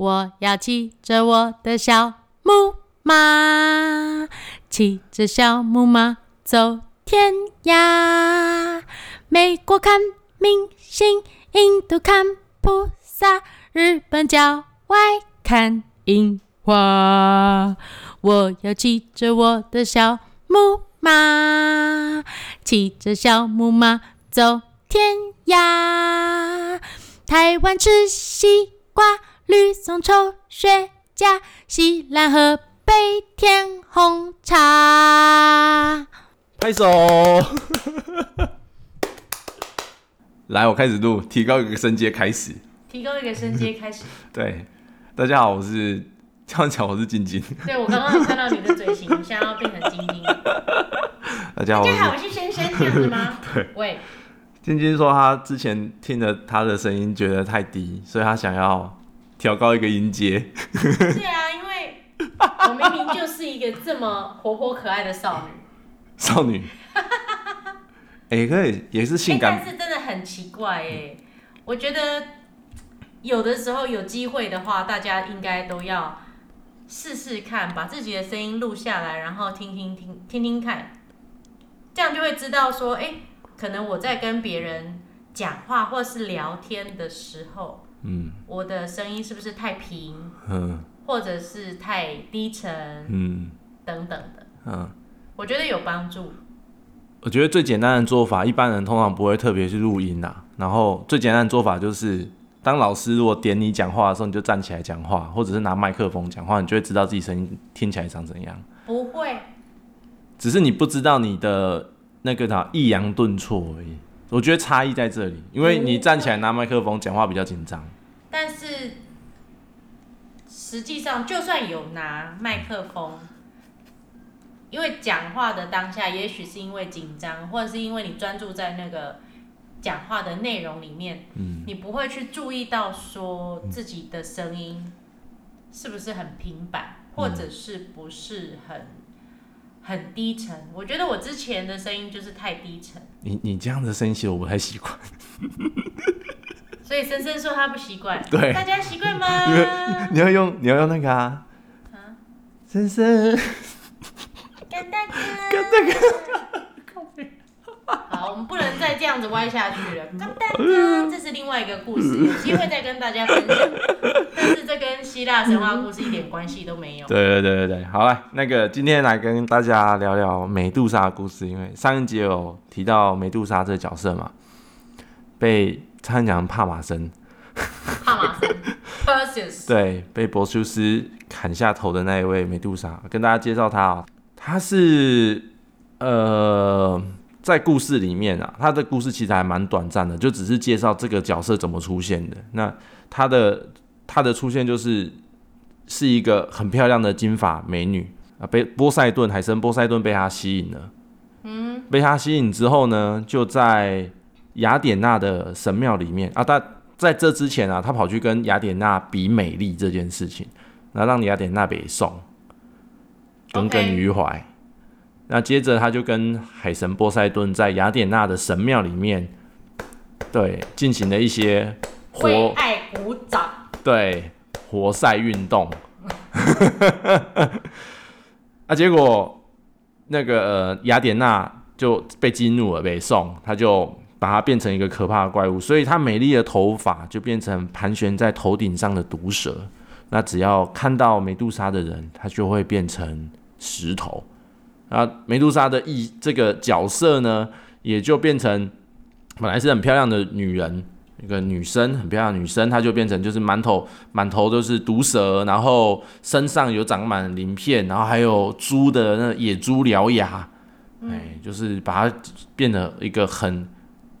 我要騎着我的小木馬，騎着小木馬走天涯。美國看明星，印度看菩薩，日本郊外看櫻花。我要騎着我的小木馬，騎着小木馬走天涯。台灣吃西瓜。綠松、抽雪茄、西蘭、喝杯、甜紅茶，拍手。 來，我開始錄，提高一個聲階，開始。提高一個聲階，開始。 對，大家好，我是這樣講，我是晶晶。對，我剛剛看到你的嘴型，想 要變成晶晶。 大家好，我 是軒軒，這樣子嗎？對，喂。晶晶說，她之前聽著她的聲音覺得太低，所以她想要。調高一個音階。對啊，因為我明明就是一個這麼活潑可愛的少女。 少女。哎、欸，可以，也是性感。欸、但是真的很奇怪哎、欸嗯，我覺得有的時候有機會的話，大家應該都要試試看，把自己的聲音錄下來，然後聽聽聽，聽聽看，這樣就會知道說，哎、欸，可能我在跟別人講話或是聊天的時候。嗯，我的聲音是不是太平？嗯，或者是太低沉？嗯，等等的。嗯、啊，我覺得有幫助。我覺得最簡單的做法，一般人通常不會特別去錄音啦、啊。然後最簡單的做法就是，當老師如果點你講話的時候，你就站起來講話，或者是拿麥克風講話，你就會知道自己聲音聽起來長怎樣。不會，只是你不知道你的那個啥抑揚頓挫而已。我覺得差異在這裡，因為你站起來拿麥克風講話比較緊張、嗯。但是實際上，就算有拿麥克風，因為講話的當下，也許是因為緊張，或者是因為你專注在那個講話的內容裡面、嗯，你不會去注意到說自己的聲音是不是很平板，嗯、或者是不是很。很低沉，我覺得我之前的聲音就是太低沉。你你這樣的聲音，我不太習慣。 所以深深說他不習慣，對，大家習慣嗎你？你要用你要用那個啊啊，深深，跟、那個、 好，我們不能再這樣子歪下去了。跟 這是另外一個故事，有機會再跟大家分享。 但是這跟希臘神話故事一點關係都沒有。對對對對好啊。那個今天來跟大家聊聊美杜莎的故事，因為上一集有提到美杜莎這個角色嘛，被參才帕馬森，帕馬森， 對，被博修斯砍下頭的那一位美杜莎，跟大家介紹他啊、哦，他是呃，在故事裡面啊，他的故事其實還蠻短暫的，就只是介紹這個角色怎麼出現的，那他的。他的出現就是是一個很漂亮的金髮美女啊，被波塞頓海神波塞頓被他吸引了。嗯，被他吸引之後呢，就在雅典娜的神廟裡面啊，但在這之前啊，他跑去跟雅典娜比美麗這件事情，那讓雅典娜不爽耿耿於懷。跟跟 okay. 那接着，他就跟海神波塞頓在雅典娜的神廟裡面對進行了一些為愛鼓掌。對，活塞運動。 啊，結果那個、呃、雅典娜就被激怒了，北宋他就把它變成一個可怕的怪物，所以她美麗的頭髮就變成盤旋在頭頂上的毒蛇。那只要看到梅杜莎的人，他就會變成石頭。啊，梅杜莎的意這個角色呢，也就變成本來是很漂亮的女人。一個女生很漂亮，女生她就變成就是滿頭滿頭都是毒蛇，然後身上有長滿鱗片，然後還有豬的那個野豬獠牙，哎、嗯欸，就是把它變成一個很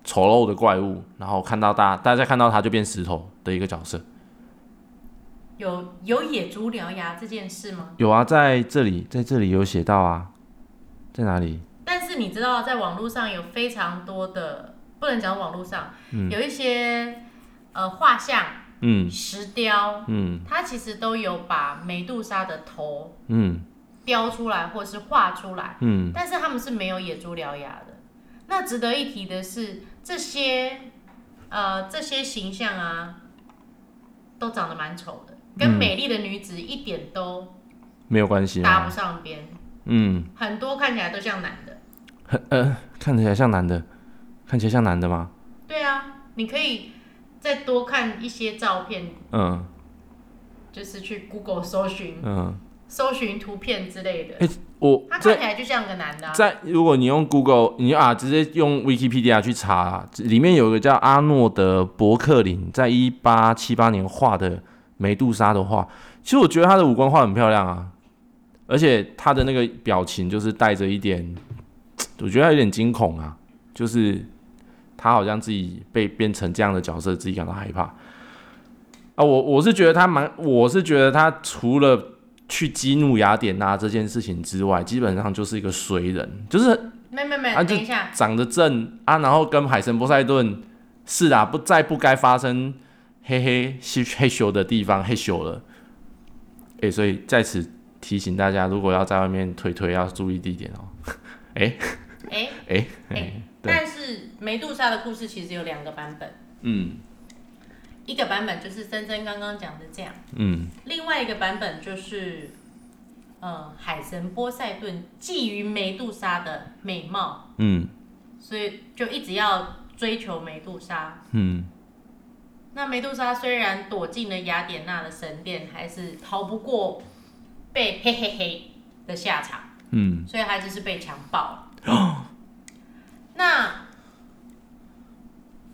醜陋的怪物，然後看到大家，大家看到它就變石頭的一個角色。有，有野豬獠牙這件事嗎？有啊，在這裡，在這裡有寫到啊，在哪裡？但是你知道，在網絡上有非常多的。不能講網絡上、嗯、有一些呃畫像，嗯，石雕，嗯，它其實都有把梅杜莎的頭，嗯，雕出來或是畫出來，嗯，但是他們是沒有野豬獠牙的。那值得一提的是，這些呃這些形象啊，都長得蠻醜的，跟美麗的女子一點都沒有關係，搭不上邊，嗯。嗯，很多看起來都像男的，很呃看起來像男的。看起來像男的嗎？對啊，你可以再多看一些照片，嗯，就是去 Google 搜尋，嗯，搜尋圖片之類的。欸、我他看起來就像個男的、啊。在如果你用 Google，你啊直接用 Wikipedia 去查、啊，裡面有一個叫阿諾德·伯克林，在一八七八年畫的《梅杜莎》的畫。其實我覺得他的五官畫很漂亮啊，而且他的那個表情就是帶着一點，我覺得他有點驚恐啊，就是。他好像自己被變成這樣的角色，自己感到害怕啊！我我是覺得他蠻，我是覺得他除了去激怒雅典娜、啊、這件事情之外，基本上就是一個衰人，就是沒沒沒、啊，等一下，長得正啊，然後跟海神波塞頓是啊，不在不該發生嘿嘿嘿咻的地方嘿咻了。哎、欸，所以在此提醒大家，如果要在外面推推，要注意地點哦，、喔。哎哎哎。欸欸欸欸但是，梅杜莎的故事其實有兩個版本。嗯，一個版本就是珍珍剛剛講的這樣。嗯，另外一個版本就是，呃，海神波塞頓覬覦梅杜莎的美貌。嗯，所以就一直要追求梅杜莎。嗯，那梅杜莎雖然躲進了雅典娜的神殿，還是逃不過被嘿嘿嘿的下場。嗯，所以她就是被強暴了。那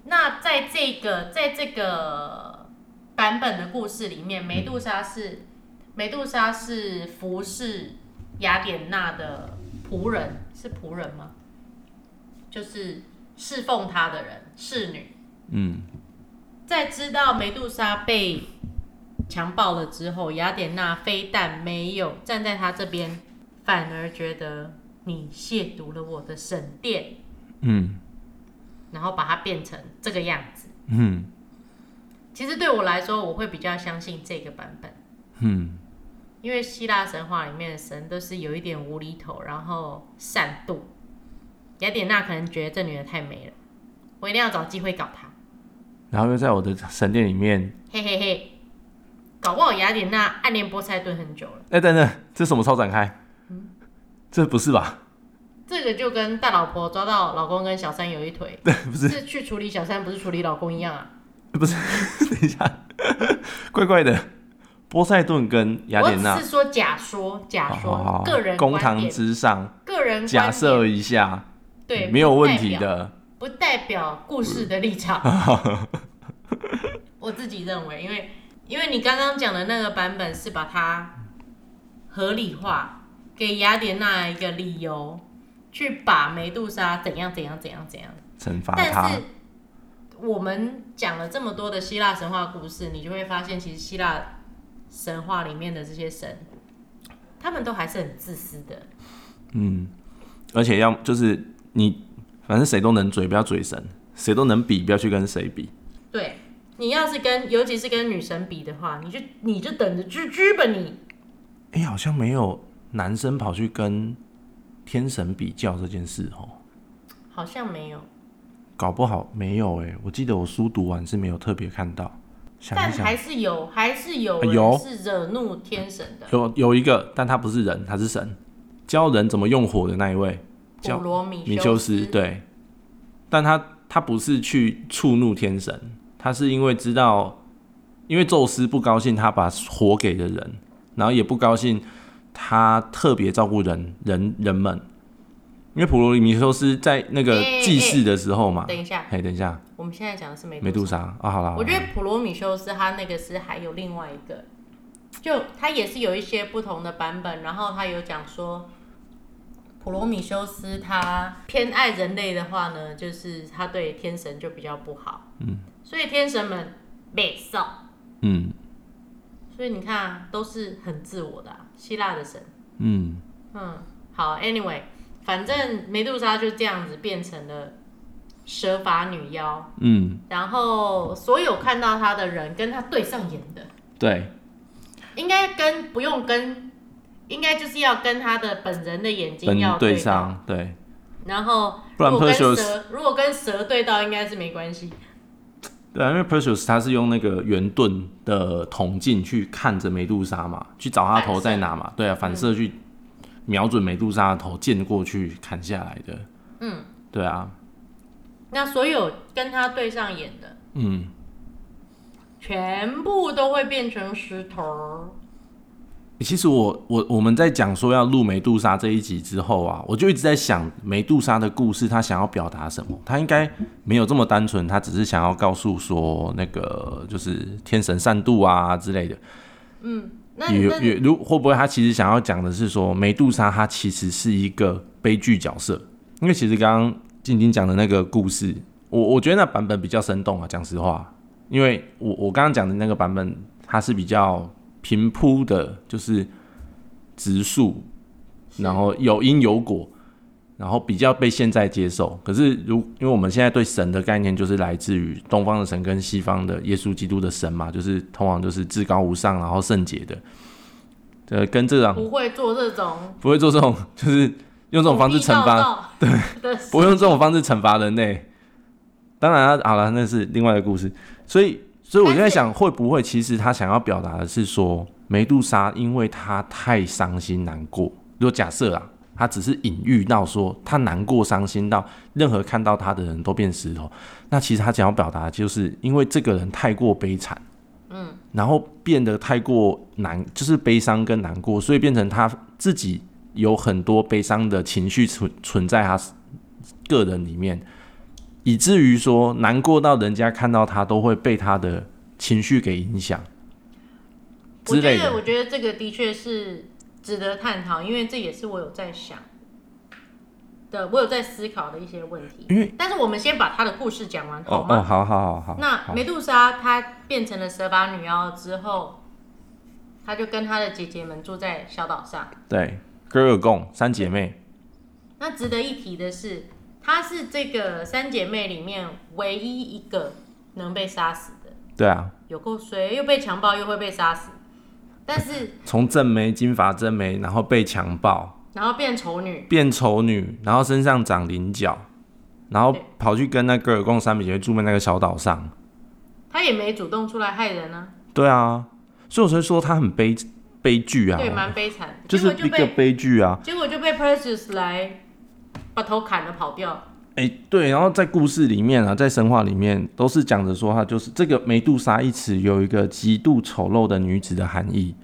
那在這個在這個版本的故事裡面，梅杜莎是梅杜莎是服侍雅典娜的僕人，是僕人嗎？就是侍奉她的人，侍女。嗯，在知道梅杜莎被強暴了之後，雅典娜非但沒有站在她這邊，反而覺得你褻瀆了我的神殿。嗯，嗯，然後把它變成這個樣子。嗯，其實對我來說，我會比較相信這個版本。嗯，因為希臘神話裡面的神都是有一點無厘頭，然後善妒。雅典娜可能覺得這女的太美了，我一定要找機會搞她。嗯。然後又在我的神殿裡面，嘿嘿嘿，搞不好雅典娜暗戀波賽頓很久了。哎，等等，這什麼超展開？嗯、這不是吧？這個就跟大老婆抓到老公跟小三有一腿，對不是，是去處理小三，不是處理老公一樣啊？不是，等一下，怪怪的。波塞頓跟雅典娜，我只是說假說，假說，好好好，個人公堂之上，個人假設一下，對，沒有問題的，不代表，不代表故事的立場。 我自己認為，因為因為你剛剛講的那個版本是把它合理化，給雅典娜一個理由。去把梅杜莎怎樣怎樣怎樣怎樣懲罰他。但是我們講了這麼多的希臘神話故事，你就會發現，其實希臘神話裡面的這些神，他們都還是很自私的。嗯，而且要就是你，反正誰都能嘴，不要嘴神；誰都能比，不要去跟誰比。對，你要是跟，尤其是跟女神比的話，你就你就等着 GG 吧你。哎、欸，好像沒有男生跑去跟。天神比較這件事，哦，好像沒有，搞不好沒有哎、欸。我記得我書讀完是沒有特別看到想想，但還是有，還是有人是惹怒天神的。啊、有有一個，但他不是人，他是神，教人怎麼用火的那一位，叫普羅米，米修斯。對，但他他不是去觸怒天神，他是因為知道，因為宙斯不高興，他把火給的人，然後也不高興。他特別照顧人人人們，因為普羅米修斯在那個欸欸欸祭祀的時候嘛。等一下，嘿、欸，等一下，我們現在講的是梅梅杜莎啊、哦，好啦，我覺得普羅米修斯他那個是還有另外一個，就他也是有一些不同的版本。然後他有講說，普羅米修斯他偏愛人類的話呢，就是他對天神就比較不好。嗯，所以天神們被殺。嗯，所以你看、啊，都是很自我的、啊。希臘的神，嗯嗯，好，anyway，反正梅杜莎就這樣子變成了蛇髮女妖，嗯，然後所有看到她的人跟她對上眼的，對，應該跟不用跟，應該就是要跟她的本人的眼睛要對，對上，對，然後如果跟蛇，如果跟蛇對到，應該是沒關係。因為普羅 u s 他是用那個圓盾的銅鏡去看着梅杜莎嘛，去找他頭在哪嘛，對啊，反射去瞄準梅杜莎的頭，見過去砍下來的。嗯，對啊。那所有跟他對上眼的，嗯，全部都會變成石頭。其實我我我們在講說要錄梅杜莎這一集之後啊，我就一直在想梅杜莎的故事，他想要表達什麼？他應該沒有這麼單純，他只是想要告訴說那個就是天神善妒啊之類的。嗯，那那也也如會不會他其實想要講的是說梅杜莎她其實是一個悲劇角色？因為其實剛剛靜靜講的那個故事，我我覺得那版本比較生動啊。講實話，因為我我剛剛講的那個版本，它是比較。平鋪的，就是直敘，然後有因有果，然後比較被現在接受。可是如因為我們現在對神的概念，就是來自於東方的神跟西方的耶穌基督的神嘛，就是通常就是至高無上，然後聖潔的。呃，跟這種不會做這種，不會做這種，就是用這種方式懲罰，道道對， 不用這種方式懲罰人類，欸。當然，啊，好了，那是另外一個故事。所以。所以我就在想，會不會其實他想要表達的是說，梅杜莎因為他太傷心難過。就假設啊，他只是隱喻到說他難過傷心到任何看到他的人都變石頭。那其實他想要表達的就是因為這個人太過悲慘，嗯，然後變得太過難，就是悲傷跟難過，所以變成他自己有很多悲傷的情緒存存在他個人裡面。以至於說難過到人家看到他都會被他的情緒給影響，我覺得我覺得這個的確是值得探討，因為這也是我有在想的，我有在思考的一些問題。但是我們先把他的故事講完、哦，好嗎？好、呃，好，好,好，好。那梅杜莎她變成了蛇髮女妖之後，她就跟她的姐姐們住在小島上。對，哥爾貢三姐妹、嗯。那值得一提的是。她是這個三姐妹裡面唯一一個能被殺死的。對啊，有夠衰，又被強暴，又會被殺死。但是從 正妹金髮正妹，然後被強暴，然後變醜女，變醜女，然後身上長鱗角，然後跑去跟那戈爾貢三姐妹住在那個小島上。她也沒主動出來害人啊。對啊，所以我才說她很悲悲劇啊。對，蠻悲慘，就是一個悲劇啊。結果就被 Perseus 來把頭砍了跑掉了？哎、欸，對，然後在故事裡面啊，在神話裡面都是講着說，他就是這個“梅杜莎”一詞有一個極度醜陋的女子的含義。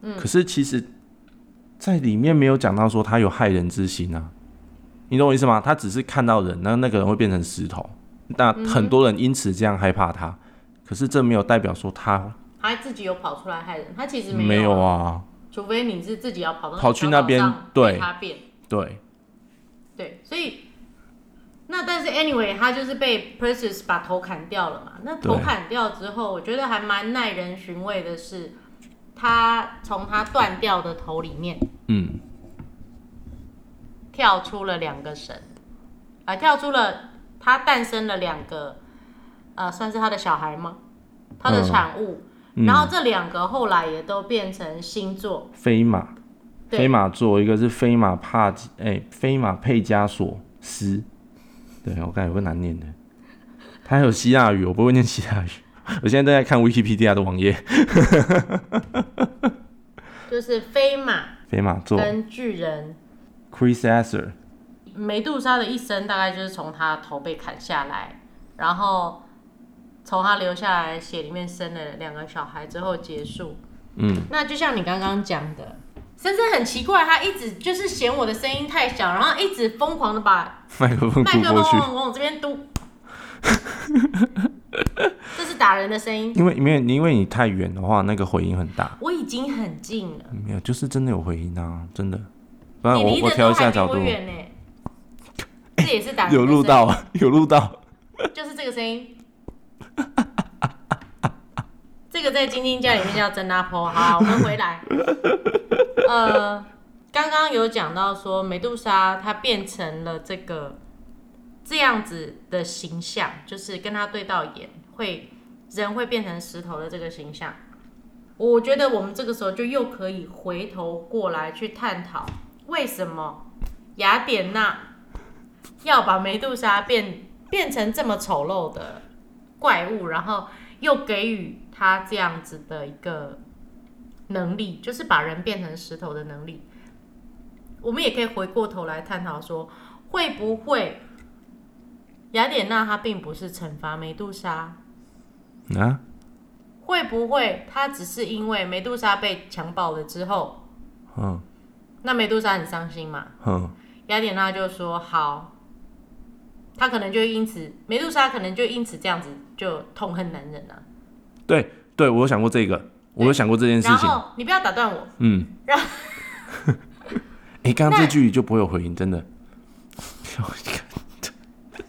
嗯，可是其實在裡面沒有講到說她有害人之心啊，你懂我意思嗎？她只是看到人，然後那個人會變成石頭。那很多人因此這樣害怕她、嗯，可是這沒有代表說她她自己有跑出來害人。她其實沒有、啊、沒有啊，除非你是自己要跑到跑去那邊，被她變對。對，所以那但是 anyway，他就是被 Perseus 把頭砍掉了嘛。那頭砍掉之後，我覺得還蠻耐人尋味的是，他從他斷掉的頭裡面，嗯，跳出了兩個神，啊、呃，跳出了他誕生了兩個，呃，算是他的小孩嗎？他的產物，嗯、然後這兩個後來也都變成星座，飛馬。飛馬座，一個是飛馬帕吉，哎、欸，飛馬佩加索斯，對，我感覺有個難念的，他還有希臘語，我不會念希臘語，我現在正在看 Wikipedia 的網頁， 就是飛馬，飛馬座跟巨人 Chrysaor。美杜莎的一生大概就是從他頭被砍下來，然後從他流下來血裡面生了兩個小孩之後結束，嗯，那就像你剛剛講的。真是很奇怪，他一直就是嫌我的聲音太小，然後一直瘋狂的把麥克風麥克風往我這邊嘟。 這是打人的聲音，因為因為因為你太遠的話，那個回音很大。我已經很近了，沒、嗯、有，就是真的有回音啊，真的。不然我欸、你離我調一下角度。這、欸、也是打有錄到，有錄到， 就是這個聲音。這個在晶晶家裡面叫真阿婆哈。我們回來，呃，剛剛有講到說，梅杜莎她變成了這個這樣子的形象，就是跟它對到眼會人會變成石頭的這個形象。我覺得我們這個時候就又可以回頭過來去探討，為什麼雅典娜要把梅杜莎變變成這麼醜陋的怪物，然後又給予。他這樣子的一個能力，就是把人變成石頭的能力。我們也可以回過頭來探討說，會不會雅典娜她並不是懲罰梅杜莎啊？會不會她只是因為梅杜莎被強暴了之後，嗯、哦，那梅杜莎很傷心嘛，嗯、哦，雅典娜就說好，她可能就因此，梅杜莎可能就因此這樣子就痛恨男人了、啊。對，對我有想過這個，我有想過這件事情。你不要打斷我。嗯。然 後、 欸，哎，剛剛這句就不會有回音，真的。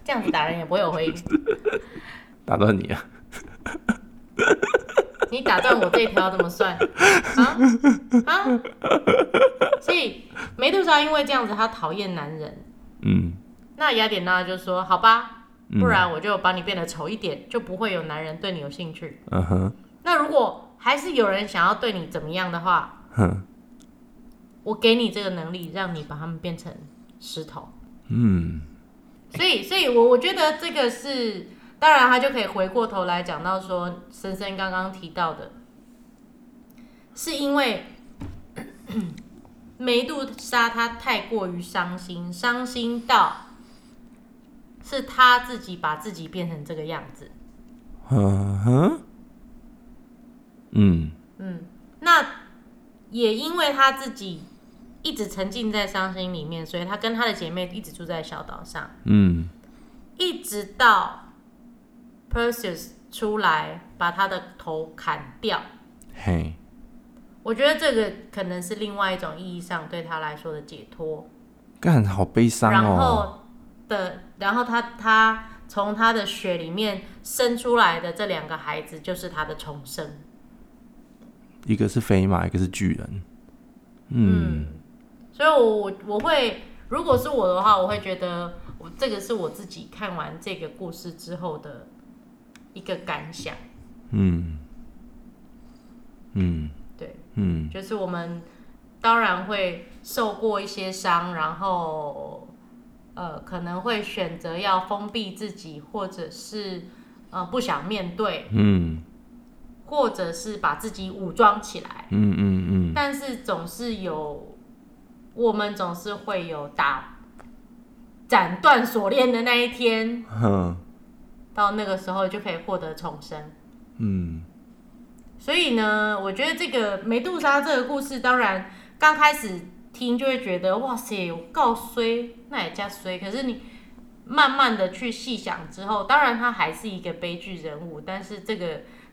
這樣子打人也不會有回音。打斷你， 你打斷啊！你打斷我這條怎麼算？啊啊！所 以梅杜莎因為這樣子，她討厭男人。嗯。那雅典娜就說：“好吧。”嗯、不然我就把你變得醜一點，就不會有男人對你有興趣。Uh -huh. 那如果還是有人想要對你怎麼樣的話，uh -huh. 我給你這個能力，讓你把他們變成石頭。嗯。所以，所以我，我我覺得這個是，當然，他就可以回過頭來講到說，深深剛剛提到的，是因為梅杜莎她太過於傷心，傷心到。是他自己把自己變成這個樣子。嗯哼，嗯，嗯，那也因為他自己一直沉浸在傷心裡面，所以他跟他的姐妹一直住在小島上。嗯、mm.，一直到 Perseus 出來把他的頭砍掉。嘿、hey.，我覺得這個可能是另外一種意義上對他來說的解脫。幹，好悲傷哦。然後的，然後他他從他的血裡面生出來的這兩個孩子，就是他的重生。一個是飛馬，一個是巨人。嗯，嗯，所以我，我我會，如果是我的話，我會覺得我，我這個是我自己看完這個故事之後的一個感想。嗯，嗯，對，嗯，就是我們當然會受過一些傷，然後。呃，可能會選擇要封閉自己，或者是呃不想面對，嗯，或者是把自己武裝起來，嗯嗯嗯。但是總是有，我們總是會有打斬斷鎖鏈的那一天，嗯，到那個時候就可以獲得重生，嗯。所以呢，我覺得這個梅杜莎這個故事，當然剛開始。就會覺得哇塞，有夠衰那也加衰，可是你慢慢的去細想之後，當然他還是一個悲劇人物，但是這個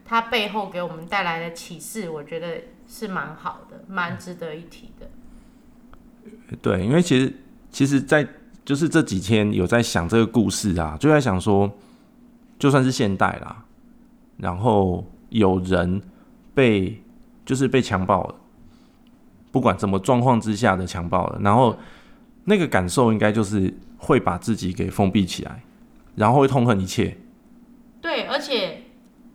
他背後給我們帶來的啟示，我覺得是蠻好的，蠻值得一提的。對，因為其實其實在，在就是這幾天有在想這個故事啊，就在想說，就算是現代啦，然後有人被就是被強暴了。不管什麼狀況之下的強暴了，然後那個感受應該就是會把自己給封閉起來，然後會痛恨一切。對，而且，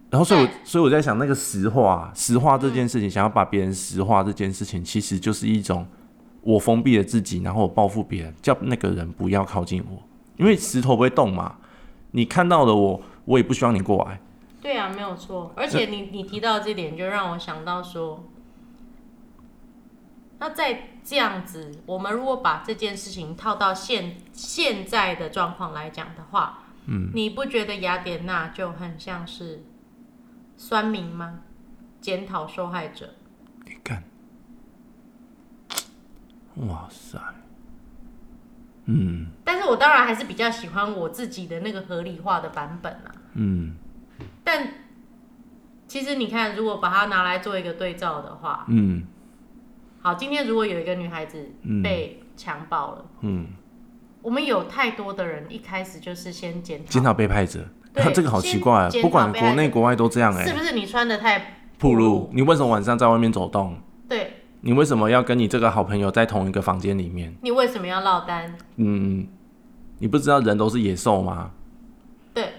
然後所以我，我所以我在想，那個石化石化這件事情，嗯、想要把別人石化這件事情，其實就是一種我封閉了自己，然後我報復別人，叫那個人不要靠近我，因為石頭不會動嘛。你看到了我，我也不希望你過來。對啊，沒有錯。而且你你提到這點，就讓我想到說。那在這樣子，我們如果把這件事情套到現現在的狀況來講的話，嗯，你不覺得雅典娜就很像是酸民嗎？檢討受害者。你看，哇塞，嗯，但是我當然還是比較喜歡我自己的那個合理化的版本啊，嗯，但其實你看，如果把它拿來做一個對照的話，嗯。好，今天如果有一個女孩子被強暴了，嗯，嗯，我們有太多的人一開始就是先檢討，檢討被害者，那、啊、這個好奇怪啊，不管國內國外都這樣哎、欸，是不是你穿得太暴露？你為什麼晚上在外面走動？對，你為什麼要跟你這個好朋友在同一個房間裡面？你為什麼要落單？嗯，你不知道人都是野獸嗎？對，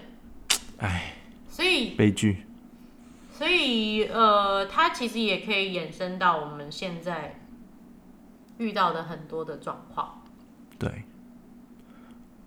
哎，所以悲劇。所以，呃，它其實也可以衍生到我們現在遇到的很多的狀況。對。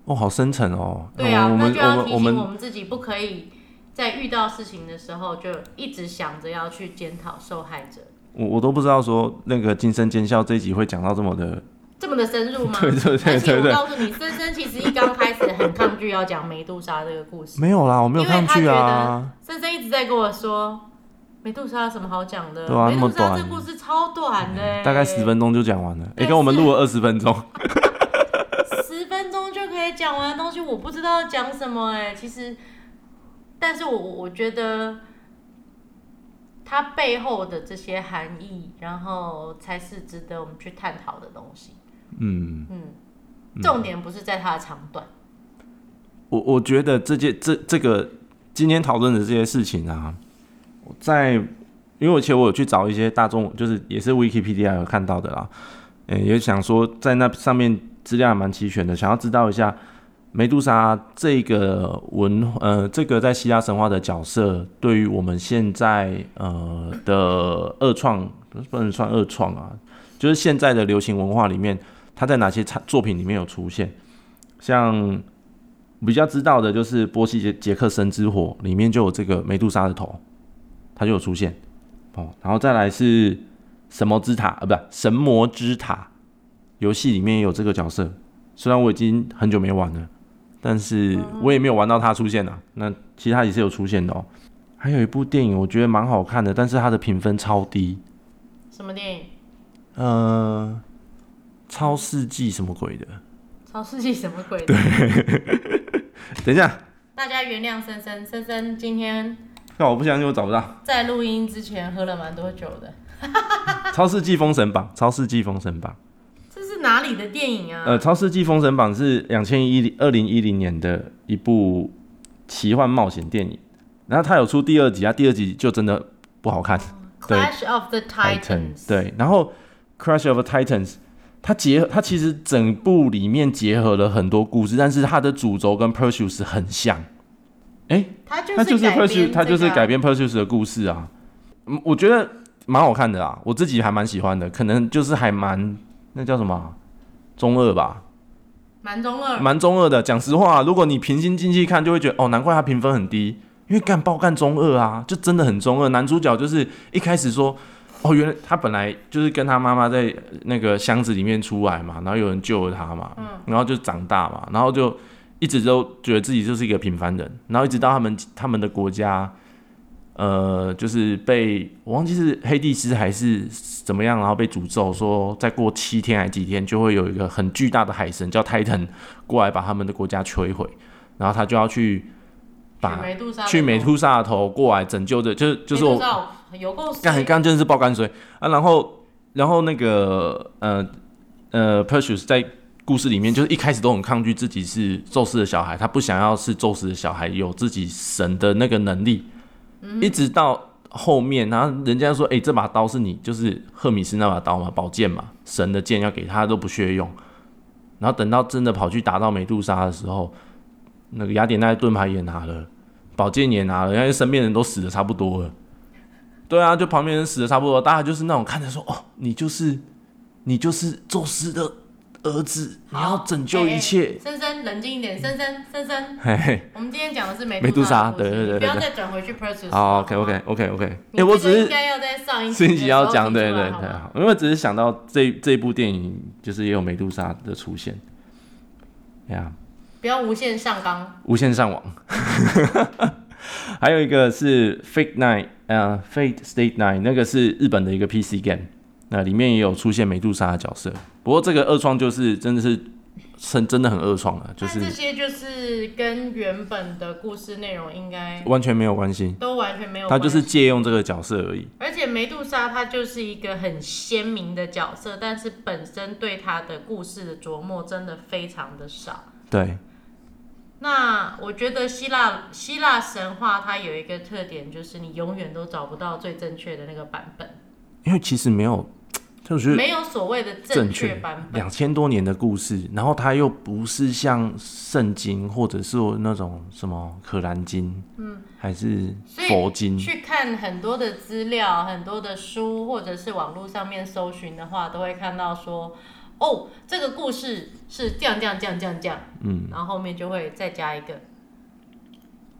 哦，好深沉哦。呃、對啊，我們，那就要提醒我們自己，不可以在遇到事情的時候就一直想着要去檢討受害者。我我都不知道說那個《今生奸笑》這一集會講到這麼的。這麼的深入嗎？對對,對,對,對而且我告訴你對對對，深深其實一剛開始很抗拒要講梅杜莎這個故事。沒有啦，我沒有抗拒啊。深深一直在跟我說，梅杜莎有什麼好講的？對啊，那麼短，這故事超短的、欸嗯，大概十分鐘就講完了。你、欸、跟我們錄了二十分鐘。十 分鐘就可以講完的東西，我不知道講什麼哎、欸。其實，但是我我覺得它背後的這些含義，然後才是值得我們去探討的東西。嗯嗯，重點不是在它的長短、嗯。我我覺得這件這這個今天討論的這些事情啊，在因為我其實我有去找一些大眾，就是也是 Wikipedia 有看到的啦。嗯、欸，也想說在那上面資料還蠻齊全的，想要知道一下梅杜莎這個文呃這個在希臘神話的角色，對於我們現在呃的二創不,不能算二創啊，就是現在的流行文化裡面。他在哪些作品裡面有出現？像比較知道的就是波西傑傑克森之火裡面就有這個梅杜莎的頭，他就有出現哦。然後再來是神魔之塔，呃，不是神魔之塔遊戲裡面也有這個角色，雖然我已經很久沒玩了，但是我也沒有玩到他出現了，那其他也是有出現的哦、喔。還有一部電影我覺得蠻好看的，但是它的評分超低。什麼電影？嗯、呃。超世紀什麼鬼的？超世紀什麼鬼的？對， 等一下。大家原諒森森，森森今天。那我不相信我找不到。在錄音之前喝了蠻多酒的。超世紀封神榜，超世紀封神榜。這是哪裡的電影啊？呃，超世紀封神榜是兩千一二零一零年的一部奇幻冒險電影。然後他有出第二集啊，第二集就真的不好看。Clash of the Titans。對，然後 Clash of the Titans。它結合，它其實整部裡面結合了很多故事，但是它的主軸跟 Perseus 很像，哎、欸這個，它就是 Perseus 它就是改編 Perseus 的故事啊。嗯，我覺得蠻好看的啊，我自己還蠻喜歡的，可能就是還蠻那叫什麼中二吧，蠻中二，蠻中二的。講實話，如果你平心靜氣看，就會覺得哦，難怪它評分很低，因為幹爆幹中二啊，就真的很中二。男主角就是一開始說。哦，原來他本來就是跟他媽媽在那個箱子裡面出來嘛，然後有人救了他嘛，然後就長大嘛，嗯、然後就一直都覺得自己就是一個平凡人，然後一直到他們他們的國家，呃，就是被我忘記是黑帝斯還是怎麼樣，然後被詛咒說再過七天還是幾天就會有一個很巨大的海神叫泰坦過來把他們的國家摧毀，然後他就要去把去梅杜莎的，去梅兔莎的頭過來拯救著，就是就是我。剛剛真是爆肝水啊！然後，然後那個呃呃 Perseus 在故事裡面就是一開始都很抗拒自己是宙斯的小孩，他不想要是宙斯的小孩，有自己神的那個能力。一直到後面，然後人家說：“哎、欸，這把刀是你，就是赫米斯那把刀嘛，寶劍嘛，神的劍要給他，他都不屑用。”然後等到真的跑去打到美杜莎的時候，那個雅典娜盾，盾牌也拿了，寶劍也拿了，因為身邊人都死的差不多了。對啊，就旁邊人死的差不多，大家就是那種看着說，哦，你就是你就是宙斯的兒子，你要拯救一切。欸欸深深冷靜一點，深深深深，嘿嘿。我們今天講的是梅梅杜，杜莎，對對對，對，不要再轉回去。Purchasing 哦 o k OK OK OK。哎、欸，我只是應該要在上一集要講，對對對，對，因為只是想到這這部電影就是也有梅杜莎的出現，呀、yeah，不要無限上綱，無限上網。 還有一個是 Fate Night 呃，Fate Stay Night 那個是日本的一個 PC game，那裡面也有出現梅杜莎的角色。不過這個二創就是真的是很真的很二創了，就是這些就是跟原本的故事內容應該完全沒有關係，都完全沒有，他就是借用這個角色而已。而且梅杜莎她就是一個很鮮明的角色，但是本身對她的故事的琢磨真的非常的少。對。那我覺得希臘希臘神話它有一個特點，就是你永遠都找不到最正確的那個版本，因為其實沒有，就是沒有所謂的正確版本。兩千多年的故事，然後它又不是像聖經，或者是那種什麼《可蘭經》，嗯，還是佛經。去看很多的資料、很多的書，或者是網絡上面搜尋的話，都會看到說。哦、oh，這個故事是這樣、這樣、這樣、這樣、嗯，然後後面就會再加一個，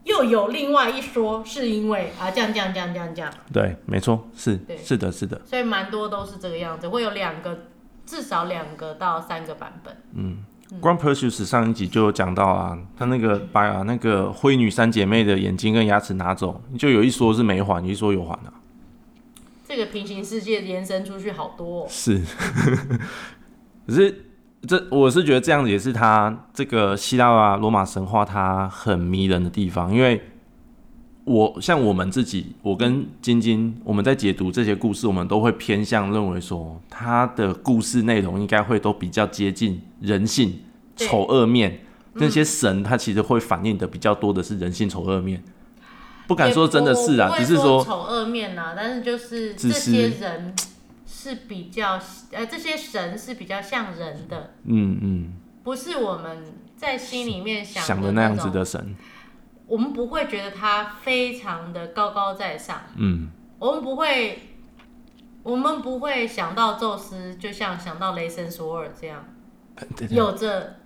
又有另外一說，是因為啊，這樣、這樣、這樣、對，沒錯，是，對，是的，是的，所以蠻多都是這個樣子，會有兩個，至少兩個到三個版本，嗯，《Grand Pursuit》上一集就有講到啊，嗯、他那個把、啊、那個灰女三姐妹的眼睛跟牙齒拿走，你就有一說是沒還，有一說有還啊，這個平行世界延伸出去好多、哦，是。 只是這，我是覺得這樣子也是他這個希臘啊、羅馬神話，他很迷人的地方。因為我像我們自己，我跟晶晶，我們在解讀這些故事，我們都會偏向認為說，他的故事內容應該會都比較接近人性醜惡面。那些神、嗯、他其實會反映的比較多的是人性醜惡面，不敢說真的是啊、欸，只是說醜惡面啊。但是就是這些人。是比較，呃，這些神是比較像人的，嗯嗯，不是我們在心裡面想的，種想，想的那樣子的神，我們不會覺得他非常的高高在上，嗯，我們不會，我們不會想到宙斯，就像想到雷神索爾這樣，嗯、對對對，有着。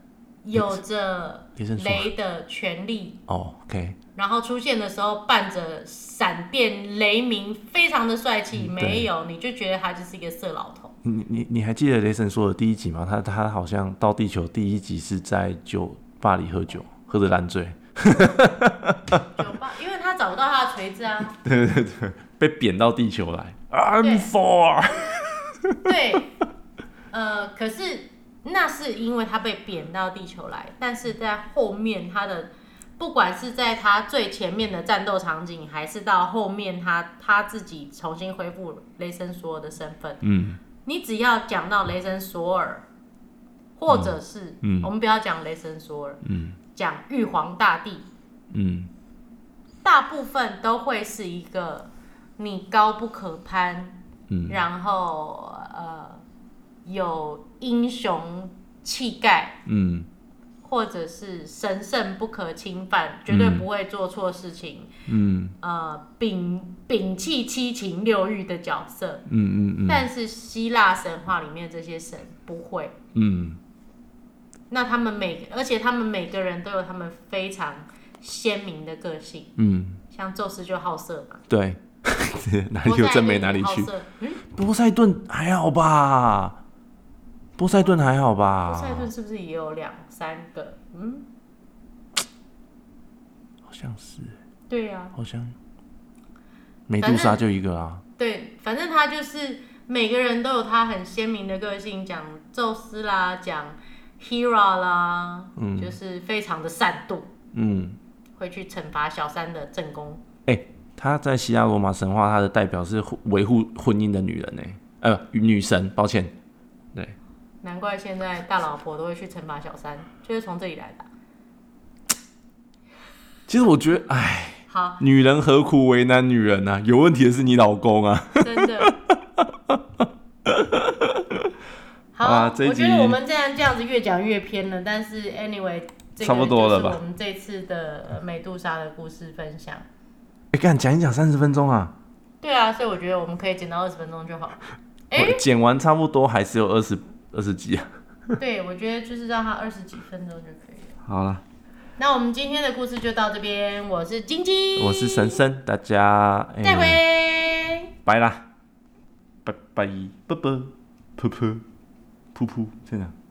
有着雷的權力哦、oh，OK。然後出現的時候伴着閃電雷鳴，非常的帥氣。沒有，你就覺得他就是一個色老頭。你你你還記得雷神說的第一集嗎？他他好像到地球第一集是在酒吧裡喝酒，喝得爛醉。酒吧，因為他找不到他的錘子啊。對對對，被貶到地球來 I'm for 對，呃，可是。那是因為他被貶到地球來，但是在後面他的，不管是在他最前面的戰鬥場景，還是到後面他他自己重新恢復雷神索爾的身份，嗯，你只要講到雷神索爾，哦，或者是，哦嗯，我們不要講雷神索爾，講，嗯，玉皇大帝，嗯，大部分都會是一個你高不可攀，嗯，然後呃。有英雄氣概，嗯，或者是神聖不可侵犯，嗯，絕對不會做錯事情，嗯，呃，摒摒棄七情六欲的角色，嗯嗯，嗯，但是希臘神話裡面這些神不會，嗯，那他們每，而且他們每個人都有他們非常鮮明的個性，嗯，像宙斯就好色嘛，對， 哪裡有正妹哪裡去，嗯，波塞頓還好吧？波塞頓還好吧？波塞頓是不是也有兩三個？嗯，好像是。對呀、啊。好像。梅杜莎就一個啦、啊。對，反正他就是每個人都有他很鮮明的個性。講宙斯啦，講 Hera 啦、嗯，就是非常的善妒。嗯。會去懲罰小三的正宮。哎、欸，他在希臘羅馬神話，他的代表是維護婚姻的女人呢、欸？呃，女神，抱歉。對。難怪現在大老婆都會去懲罰小三，就是從這裡來的、啊。其實我覺得，哎，好，女人何苦為難女人呢、啊？有問題的是你老公啊。真的。 好、啊，我覺得我們既然這樣子越講越偏了。但是 anyway，差不多了吧？我們這次的美杜莎的故事分享。哎，幹、欸、講一講三十分鐘啊？對啊，所以我覺得我們可以剪到二十分鐘就好。哎、欸，剪完差不多還是有二十。二十幾啊？對，我覺得就是讓他二十幾分鐘就可以了。 好了，那我們今天的故事就到這邊。我是金晶，我是神森，大家再會、欸，拜啦，拜拜，拜拜，噗噗，噗噗，這樣。噗噗